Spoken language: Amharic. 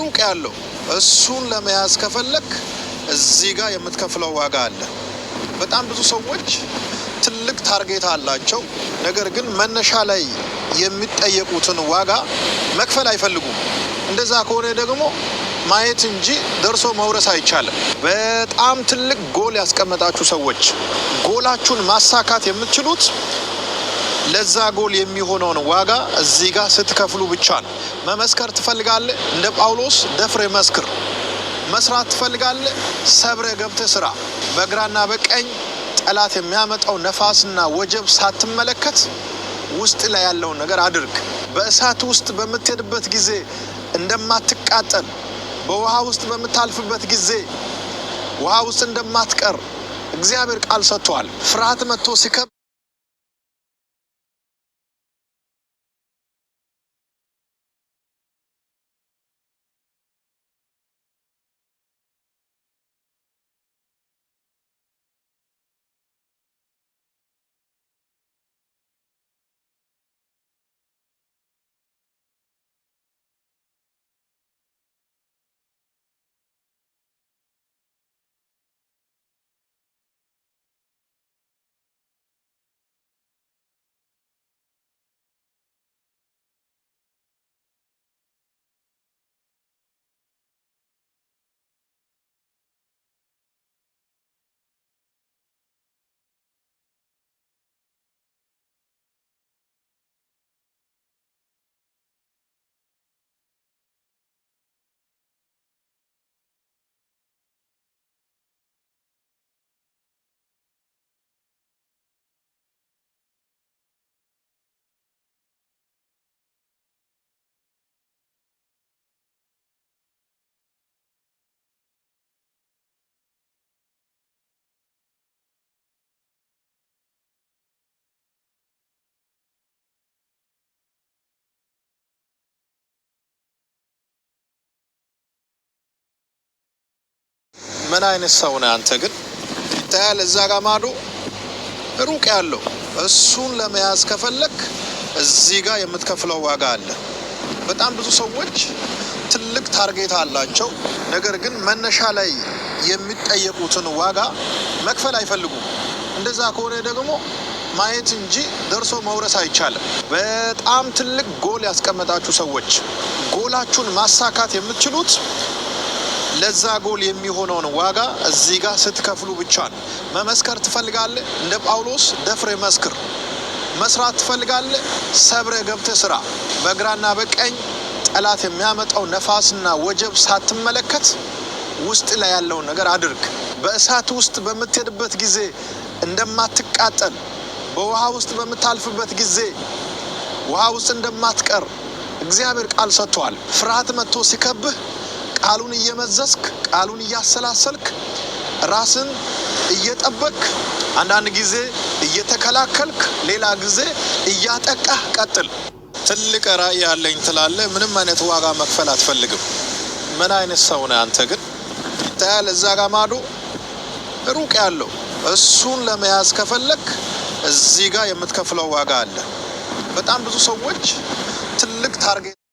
ሩቅ ያለው እሱን ለመያዝ ከፈለክ እዚህ ጋር የምትከፍለው ዋጋ አለ። በጣም ብዙ ሰዎች ትልቅ ታርጌት አላቸው፣ ነገር ግን መነሻ ላይ የሚጠየቁትን ዋጋ መክፈል አይፈልጉም። እንደዛ ከሆነ ደግሞ ማየት እንጂ ደርሶ መውረስ አይቻልም። በጣም ትልቅ ጎል ያስቀመጣችሁ ሰዎች ጎላችሁን ማሳካት የምትችሉት ለዛ ጎል የሚሆነውን ዋጋ እዚህ ጋር ስትከፍሉ ብቻ ነው። መመስከር ትፈልጋለህ? እንደ ጳውሎስ ደፍሬ መስክር። መስራት ትፈልጋለህ? ሰብረ ገብተ ስራ። በግራና በቀኝ ጠላት የሚያመጣው ነፋስና ወጀብ ሳትመለከት ውስጥ ላይ ያለውን ነገር አድርግ። በእሳት ውስጥ በምትሄድበት ጊዜ እንደማትቃጠል፣ በውሃ ውስጥ በምታልፍበት ጊዜ ውሃ ውስጥ እንደማትቀር እግዚአብሔር ቃል ሰጥቷል። ፍርሃት መጥቶ ሲከብ ምን አይነት ሰው ነህ አንተ ግን? ታያል እዛ ጋር ማዶ ሩቅ ያለው እሱን ለመያዝ ከፈለክ እዚህ ጋር የምትከፍለው ዋጋ አለ። በጣም ብዙ ሰዎች ትልቅ ታርጌት አላቸው፣ ነገር ግን መነሻ ላይ የሚጠየቁትን ዋጋ መክፈል አይፈልጉም። እንደዛ ከሆነ ደግሞ ማየት እንጂ ደርሶ መውረስ አይቻልም። በጣም ትልቅ ጎል ያስቀመጣችሁ ሰዎች ጎላችሁን ማሳካት የምትችሉት ለዛ ጎል የሚሆነውን ዋጋ እዚህ ጋር ስትከፍሉ ብቻ ነው። መመስከር ትፈልጋለህ? እንደ ጳውሎስ ደፍሬ መስክር። መስራት ትፈልጋለህ? ሰብረ ገብተ ስራ። በግራና በቀኝ ጠላት የሚያመጣው ነፋስና ወጀብ ሳትመለከት ውስጥ ላይ ያለውን ነገር አድርግ። በእሳት ውስጥ በምትሄድበት ጊዜ እንደማትቃጠል፣ በውሃ ውስጥ በምታልፍበት ጊዜ ውሃ ውስጥ እንደማትቀር እግዚአብሔር ቃል ሰጥቷል። ፍርሃት መጥቶ ሲከብህ ቃሉን እየመዘዝክ ቃሉን እያሰላሰልክ ራስን እየጠበቅክ አንዳንድ ጊዜ እየተከላከልክ ሌላ ጊዜ እያጠቃህ ቀጥል። ትልቅ ራዕይ ያለኝ ትላለህ። ምንም አይነት ዋጋ መክፈል አትፈልግም። ምን አይነት ሰው ነህ አንተ? ግን ይታያል እዛ ጋር ማዶ ሩቅ ያለው እሱን ለመያዝ ከፈለክ እዚህ ጋር የምትከፍለው ዋጋ አለ። በጣም ብዙ ሰዎች ትልቅ ታርጌት